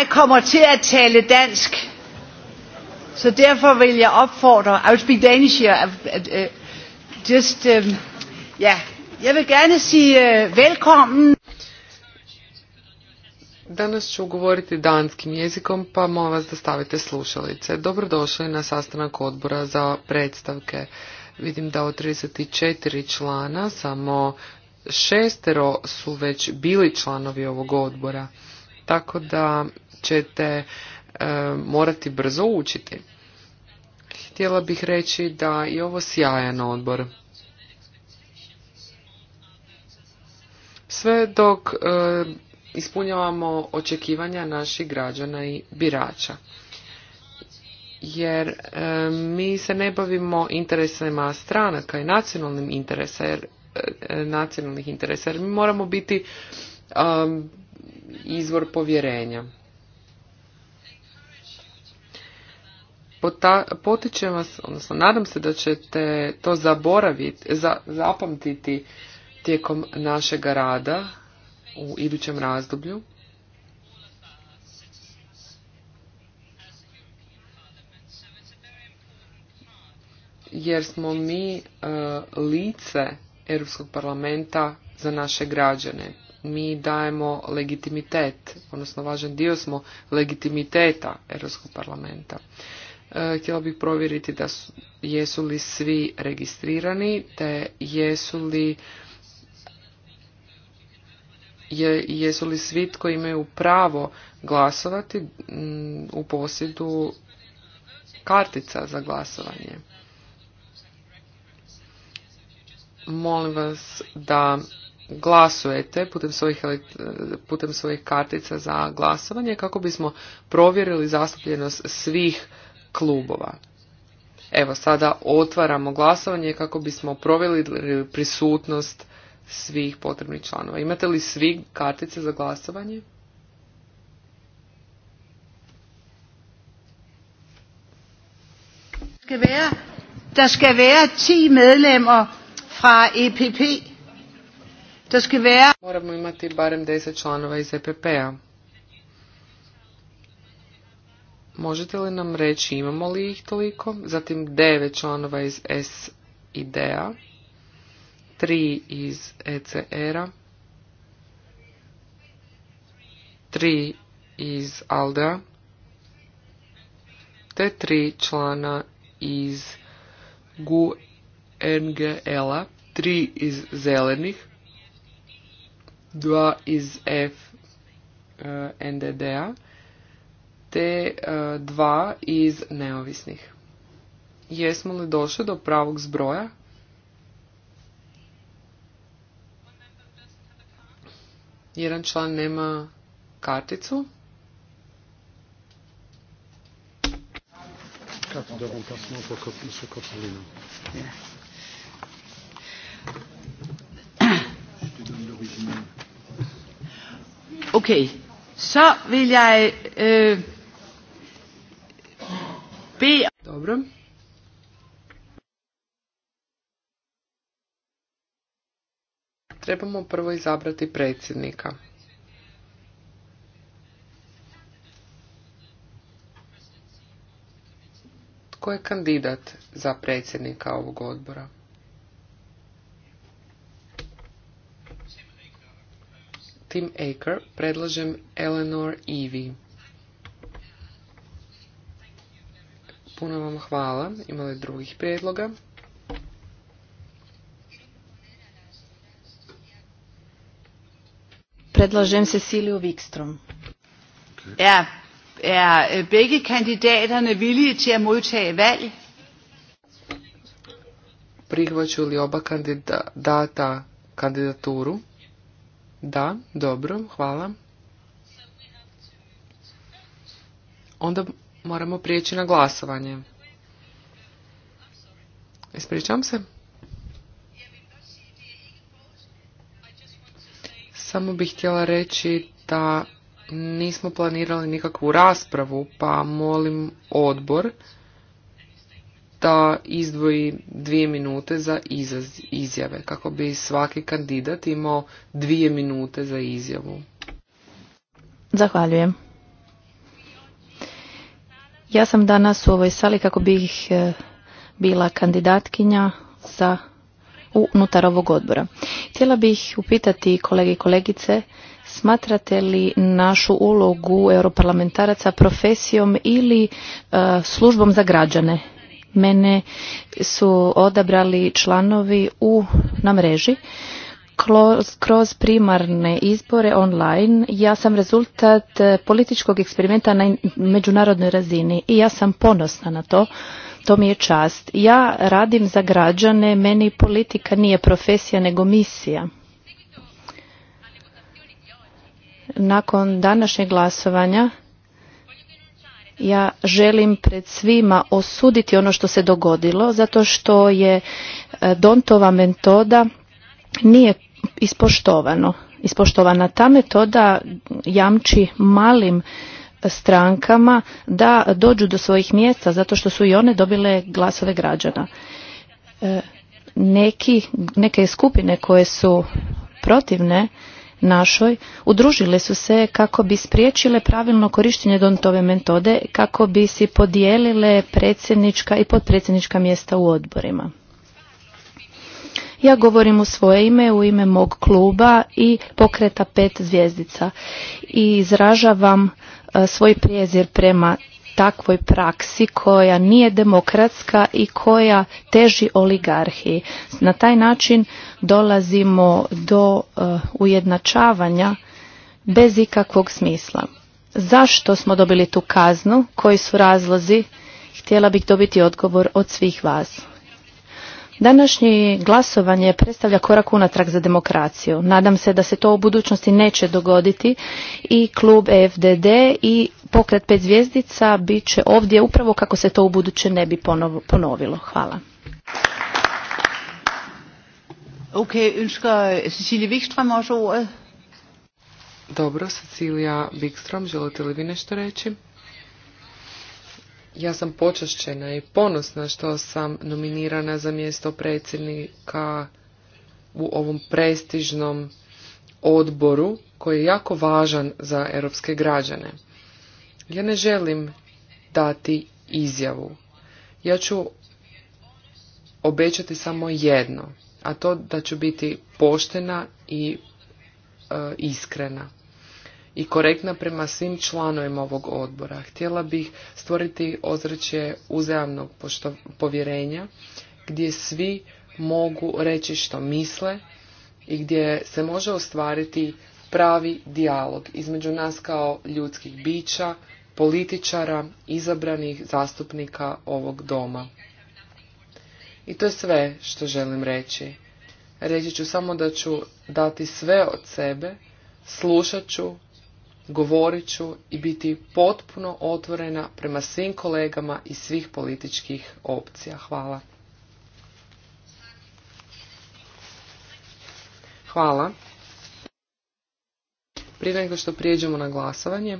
Jeg kommer til at tale dansk, så derfor vil jeg opfordre... I will speak Danish here. Uh, just, um, ja, um, yeah. jeg vil gerne sige uh, velkommen. Danas ću govoriti danskim jezikom, pa molim vas da stavite slušalice. Dobrodošli na sastanak odbora za predstavke. Vidim da od 34 člana samo šestero su već bili članovi ovog odbora. Tako da ćete e, morati brzo učiti. Htjela bih reći da je ovo sjajan odbor. Sve dok e, ispunjavamo očekivanja naših građana i birača. Jer e, mi se ne bavimo interesima stranaka i nacionalnim interesa, jer, nacionalnih interesa, jer mi moramo biti izvor povjerenja. potičem vas, odnosno nadam se da ćete to zaboraviti, za, zapamtiti tijekom našeg rada u idućem razdoblju. Jer smo mi e, lice Europskog parlamenta za naše građane. Mi dajemo legitimitet, odnosno važan dio smo legitimiteta Europskog parlamenta. E, htjela bih provjeriti da jesu li svi registrirani, te jesu li jesu li svi tko imaju pravo glasovati mm, u posjedu kartica za glasovanje. Molim vas da glasujete putem svojih, e, putem svojih kartica za glasovanje kako bismo provjerili zastupljenost svih klubova. Evo sada otvaramo glasovanje kako bismo proveli prisutnost svih potrebnih članova. Imate li svi kartice za glasovanje? Da fra EPP. Moramo imati barem 10 članova iz EPP-a. Možete li nam reći imamo li ih toliko? Zatim 9 članova iz SIDA, 3 iz ECR-a, 3 iz ALDA, te 3 člana iz GUNGL-a, 3 iz zelenih, 2 iz FNDD-a, e, te e, dva iz neovisnih. Jesmo li došli do pravog zbroja? Jedan član nema karticu. Ok, så vil jeg eh, P. Dobro. Trebamo prvo izabrati predsjednika. Tko je kandidat za predsjednika ovog odbora? Tim Aker predlažem Eleanor Evie. Puno vam hvala. Ima li drugih prijedloga? Predlažem Ceciliju Wikstrom. Vikstrom. begge kandidaterne će Prihvaću li oba kandidata kandidaturu? Da, dobro, hvala. Onda Moramo prijeći na glasovanje. Ispričam se. Samo bih htjela reći da nismo planirali nikakvu raspravu, pa molim odbor da izdvoji dvije minute za izjave, kako bi svaki kandidat imao dvije minute za izjavu. Zahvaljujem. Ja sam danas u ovoj sali kako bih eh, bila kandidatkinja za unutar ovog odbora. Htjela bih upitati kolege i kolegice, smatrate li našu ulogu europarlamentaraca profesijom ili eh, službom za građane? Mene su odabrali članovi u na mreži kroz primarne izbore online. Ja sam rezultat e, političkog eksperimenta na međunarodnoj razini i ja sam ponosna na to. To mi je čast. Ja radim za građane, meni politika nije profesija nego misija. Nakon današnjeg glasovanja ja želim pred svima osuditi ono što se dogodilo zato što je e, Dontova metoda nije ispoštovano. Ispoštovana ta metoda jamči malim strankama da dođu do svojih mjesta zato što su i one dobile glasove građana. E, neki, neke skupine koje su protivne našoj udružile su se kako bi spriječile pravilno korištenje Dontove metode kako bi si podijelile predsjednička i potpredsjednička mjesta u odborima. Ja govorim u svoje ime, u ime mog kluba i pokreta pet zvjezdica i izražavam e, svoj prijezir prema takvoj praksi koja nije demokratska i koja teži oligarhiji. Na taj način dolazimo do e, ujednačavanja bez ikakvog smisla. Zašto smo dobili tu kaznu? Koji su razlozi? Htjela bih dobiti odgovor od svih vas. Današnje glasovanje predstavlja korak unatrag za demokraciju. Nadam se da se to u budućnosti neće dogoditi i klub FDD i pokret pet zvijezdica bit će ovdje upravo kako se to u buduće ne bi ponovilo. Hvala. Dobro, Cecilija Bikstrom, želite li vi nešto reći? Ja sam počašćena i ponosna što sam nominirana za mjesto predsjednika u ovom prestižnom odboru koji je jako važan za europske građane. Ja ne želim dati izjavu. Ja ću obećati samo jedno, a to da ću biti poštena i e, iskrena i korektna prema svim članovima ovog odbora. Htjela bih stvoriti ozračje uzajamnog povjerenja gdje svi mogu reći što misle i gdje se može ostvariti pravi dijalog između nas kao ljudskih bića, političara, izabranih zastupnika ovog doma. I to je sve što želim reći. Reći ću samo da ću dati sve od sebe, slušat ću govorit ću i biti potpuno otvorena prema svim kolegama iz svih političkih opcija. Hvala. Hvala. Prije nego što prijeđemo na glasovanje,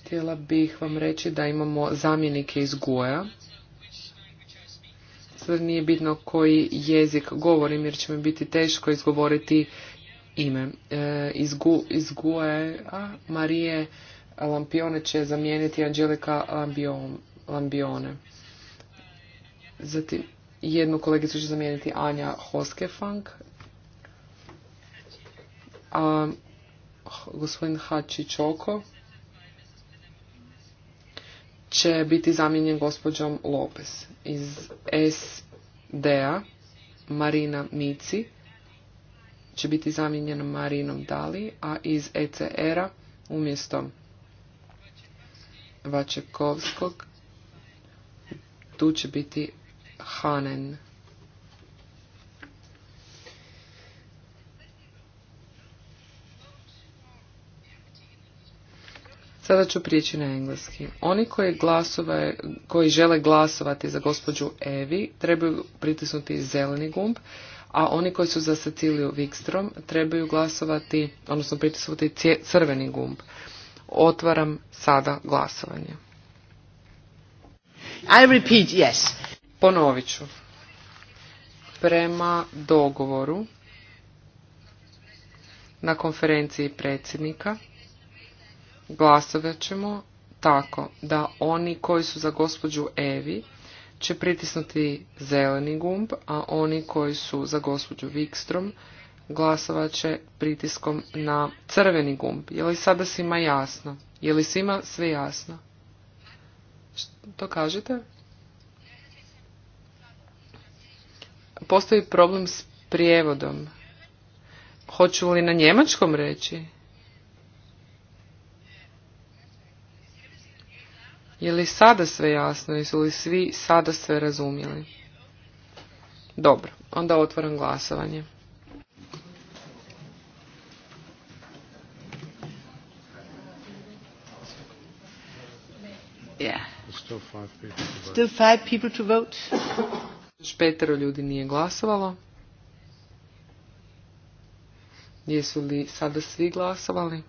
htjela bih vam reći da imamo zamjenike iz Goja. Sada nije bitno koji jezik govorim jer će mi biti teško izgovoriti ime. E, iz Gue Marije Lampione će zamijeniti Angelika Lambione. Zatim jednu kolegicu će zamijeniti Anja Hoskefang. A gospodin Hači Čoko će biti zamijenjen gospođom Lopez iz sd Marina Mici će biti zamijenjeno Marinom Dali, a iz ECR-a umjesto Vačekovskog tu će biti Hanen. Sada ću prijeći na engleski. Oni koji, glasove, koji žele glasovati za gospođu Evi trebaju pritisnuti zeleni gumb, a oni koji su za Ceciliju Wikstrom trebaju glasovati, odnosno pritisnuti crveni gumb. Otvaram sada glasovanje. I repeat, yes. Ponovit ću. Prema dogovoru na konferenciji predsjednika glasovat ćemo tako da oni koji su za gospođu Evi će pritisnuti zeleni gumb, a oni koji su za gospođu Wikstrom glasovat će pritiskom na crveni gumb. Je li sada svima jasno? Je li svima sve jasno? To kažete? Postoji problem s prijevodom. Hoću li na njemačkom reći? Je li sada sve jasno? Jesu li svi sada sve razumjeli? Dobro, onda otvaram glasovanje. Yeah. Petero ljudi nije glasovalo. Jesu li sada svi glasovali?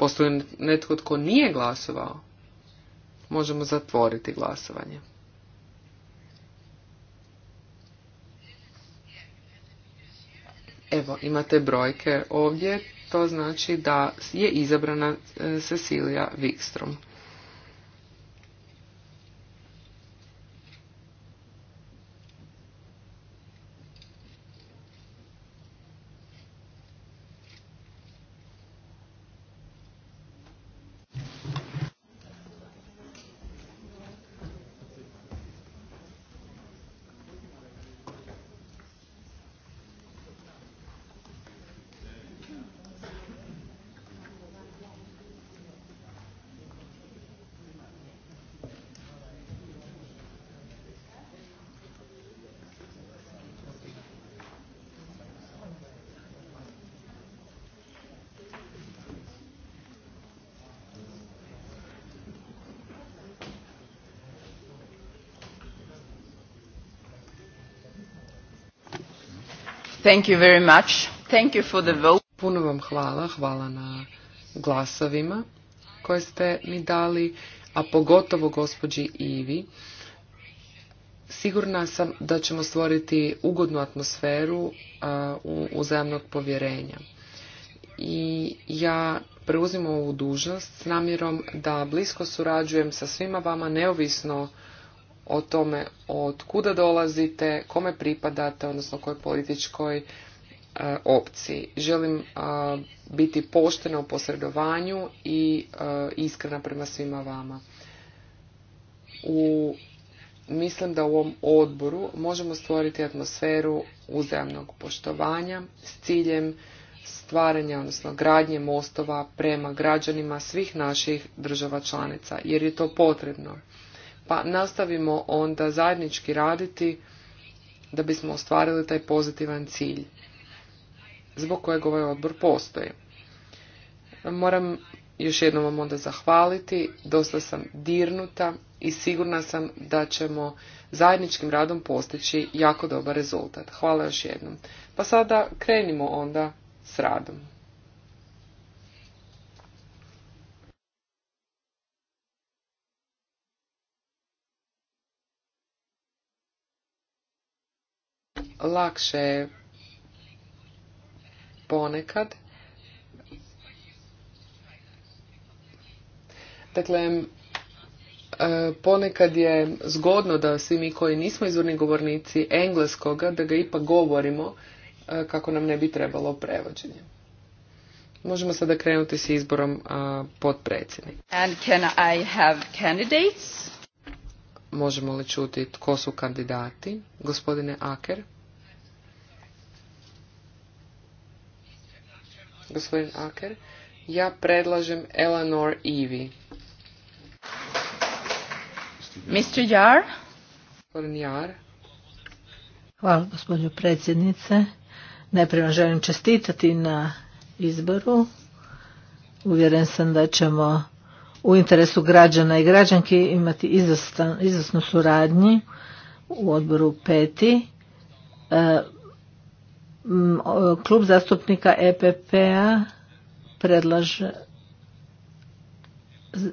Postoji netko tko nije glasovao? Možemo zatvoriti glasovanje. Evo, imate brojke ovdje, to znači da je izabrana e, Cecilia Wikstrom. Thank you very much. Puno vam hvala, hvala na glasovima koje ste mi dali, a pogotovo gospođi Ivi. Sigurna sam da ćemo stvoriti ugodnu atmosferu u uzajamnog povjerenja. I ja preuzimam ovu dužnost s namjerom da blisko surađujem sa svima vama neovisno o tome od kuda dolazite, kome pripadate, odnosno kojoj političkoj e, opciji. Želim e, biti poštena u posredovanju i e, iskrena prema svima vama. U, mislim da u ovom odboru možemo stvoriti atmosferu uzajamnog poštovanja s ciljem stvaranja, odnosno gradnje mostova prema građanima svih naših država članica, jer je to potrebno pa nastavimo onda zajednički raditi da bismo ostvarili taj pozitivan cilj zbog kojeg ovaj odbor postoji. Moram još jednom vam onda zahvaliti, dosta sam dirnuta i sigurna sam da ćemo zajedničkim radom postići jako dobar rezultat. Hvala još jednom. Pa sada krenimo onda s radom. Lakše ponekad. Dakle, e, ponekad je zgodno da svi mi koji nismo izvorni govornici engleskoga, da ga ipak govorimo e, kako nam ne bi trebalo prevođenje. Možemo sada krenuti s izborom potpredsjednika. Možemo li čuti tko su kandidati? Gospodine Aker. gospodin Aker. Ja predlažem Eleanor Ivi. Mr. Jar. Gospodin Hvala gospođo predsjednice. Najprije vam želim čestitati na izboru. Uvjeren sam da ćemo u interesu građana i građanki imati izvrsnu suradnju u odboru peti. E, Mm, klub zastupnika EPP-a predlaže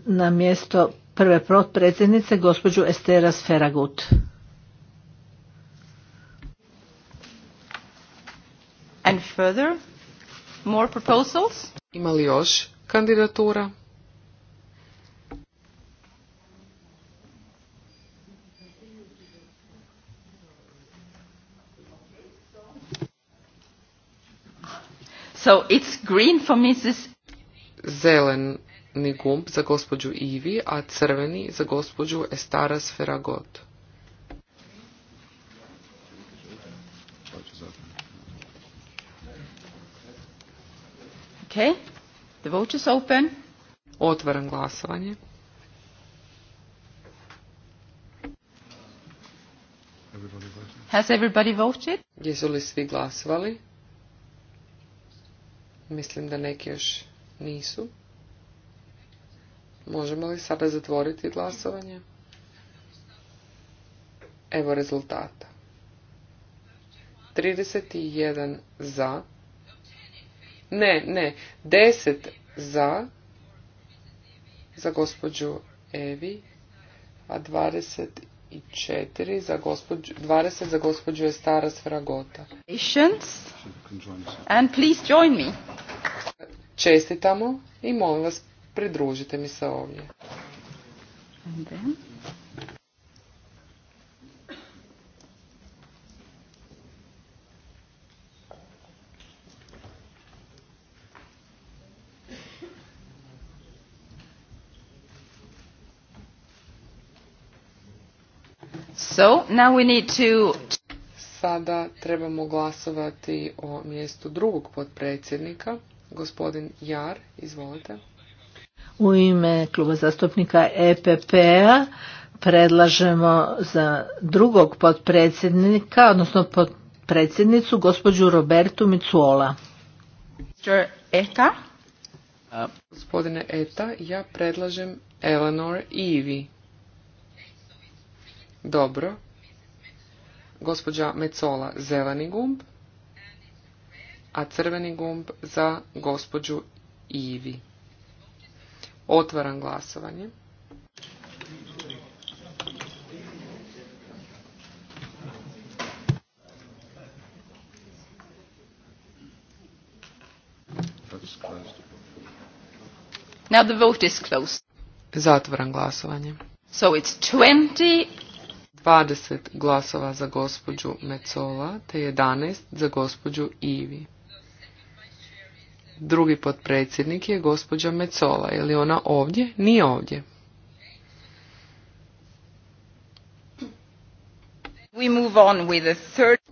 na mjesto prve predsjednice gospođu Estera Sferagut. And Ima li još kandidatura? So it's green for Mrs. Zeleni gumb za gospođu Ivi, a crveni za gospođu Estara Sferagot. Okay, the vote is open. Otvaram glasovanje. Has everybody voted? Jesu li svi glasovali? Mislim da neki još nisu. Možemo li sada zatvoriti glasovanje? Evo rezultata. 31 za. Ne, ne, 10 za. Za gospođu Evi. A 24 za gospođu, 20 za gospođu Estara Svragota. And please join me. Čestitamo i molim vas pridružite mi se ovdje. So, now we need to... Sada trebamo glasovati o mjestu drugog potpredsjednika. Gospodin Jar, izvolite. U ime kluba zastupnika EPP-a predlažemo za drugog potpredsjednika, odnosno potpredsjednicu, gospođu Robertu Micuola. Eta? Gospodine Eta, ja predlažem Eleanor Ivi. Dobro. Gospođa Mecola, zeleni gumb a crveni gumb za gospođu Ivi. Otvaram glasovanje. Now the vote is closed. Zatvaram glasovanje. So it's 20 glasova za gospođu Mecola te 11 za gospođu Ivi. Drugi potpredsjednik je gospođa Mecola. Je li ona ovdje? Nije ovdje.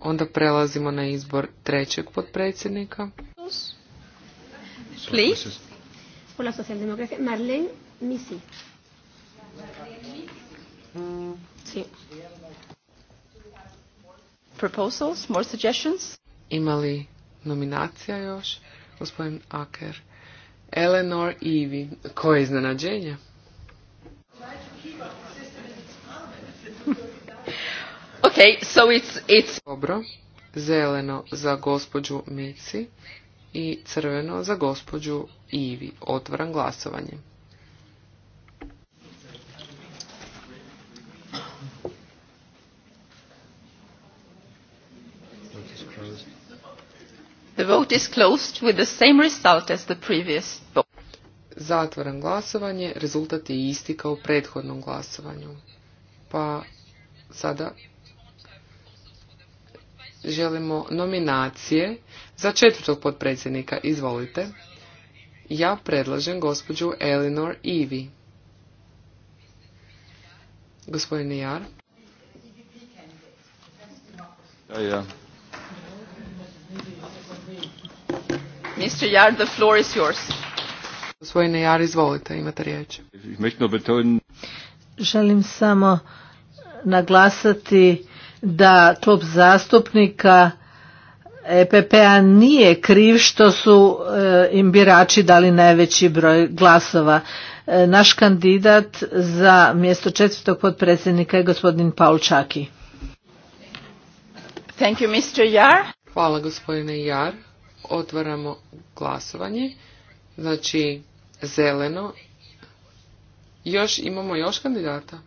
Onda prelazimo na izbor trećeg potpredsjednika. Ima li nominacija još? Gospodin Aker. Eleanor Ivi. Koje iznenađenje? Dobro. Zeleno za gospođu Mici i crveno za gospođu Ivi. Otvaram glasovanje. vote is with the same result as the previous vote. Zatvoren glasovanje, rezultat je isti kao u prethodnom glasovanju. Pa sada želimo nominacije za četvrtog potpredsjednika. Izvolite. Ja predlažem gospođu Elinor Ivi. Gospodine Jar. Ja, ja. Mr. Jar, the floor is yours. Gospodine Jar, izvolite, imate riječ. Želim samo naglasati da klub zastupnika EPP-a nije kriv što su e, im birači dali najveći broj glasova. E, naš kandidat za mjesto četvrtog potpredsjednika je gospodin Paul Čaki. Thank you, Mr. Hvala gospodine Jar. Otvaramo glasovanje. Znači, zeleno. Još imamo još kandidata.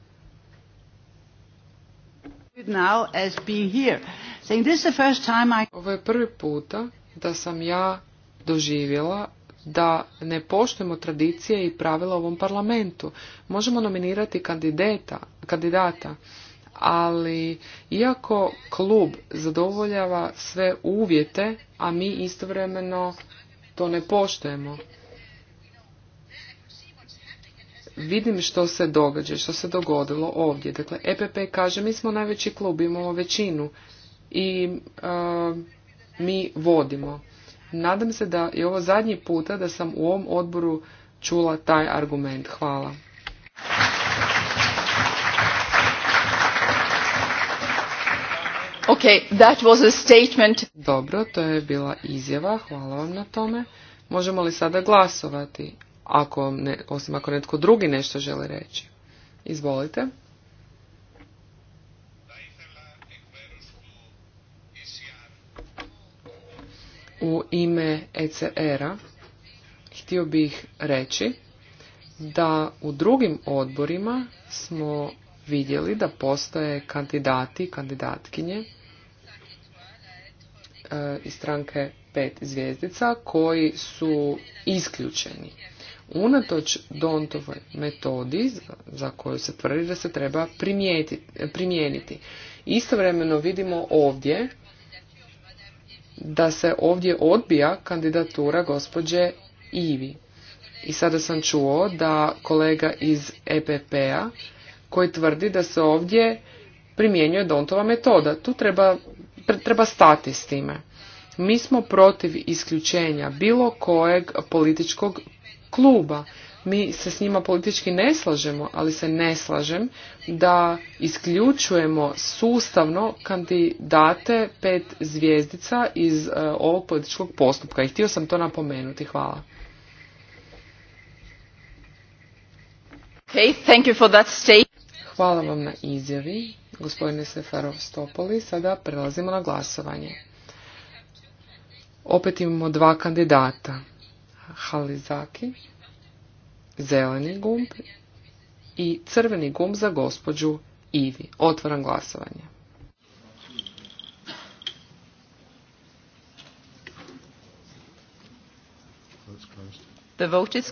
Ovo je prvi puta da sam ja doživjela da ne poštujemo tradicije i pravila u ovom parlamentu. Možemo nominirati kandidata, kandidata ali iako klub zadovoljava sve uvjete, a mi istovremeno to ne poštujemo. Vidim što se događa, što se dogodilo ovdje. Dakle, EPP kaže mi smo najveći klub, imamo većinu i mi vodimo. Nadam se da je ovo zadnji puta da sam u ovom odboru čula taj argument. Hvala. Okay, that was a statement. Dobro, to je bila izjava, hvala vam na tome. Možemo li sada glasovati, ako ne, osim ako netko drugi nešto želi reći? Izvolite. U ime ECR-a htio bih reći da u drugim odborima smo vidjeli da postoje kandidati, kandidatkinje E, iz stranke pet zvjezdica koji su isključeni. Unatoč Dontovoj metodi za koju se tvrdi da se treba primijeniti. Istovremeno vidimo ovdje da se ovdje odbija kandidatura gospođe Ivi. I sada sam čuo da kolega iz EPP-a koji tvrdi da se ovdje primjenjuje Dontova metoda. Tu treba treba stati s time. Mi smo protiv isključenja bilo kojeg političkog kluba. Mi se s njima politički ne slažemo, ali se ne slažem da isključujemo sustavno kandidate pet zvijezdica iz e, ovog političkog postupka. I htio sam to napomenuti. Hvala. Okay, thank you for that Hvala vam na izjavi gospodine Sefarov Stopoli. Sada prelazimo na glasovanje. Opet imamo dva kandidata. Halizaki, zeleni gumb i crveni gumb za gospođu Ivi. Otvaram glasovanje. The vote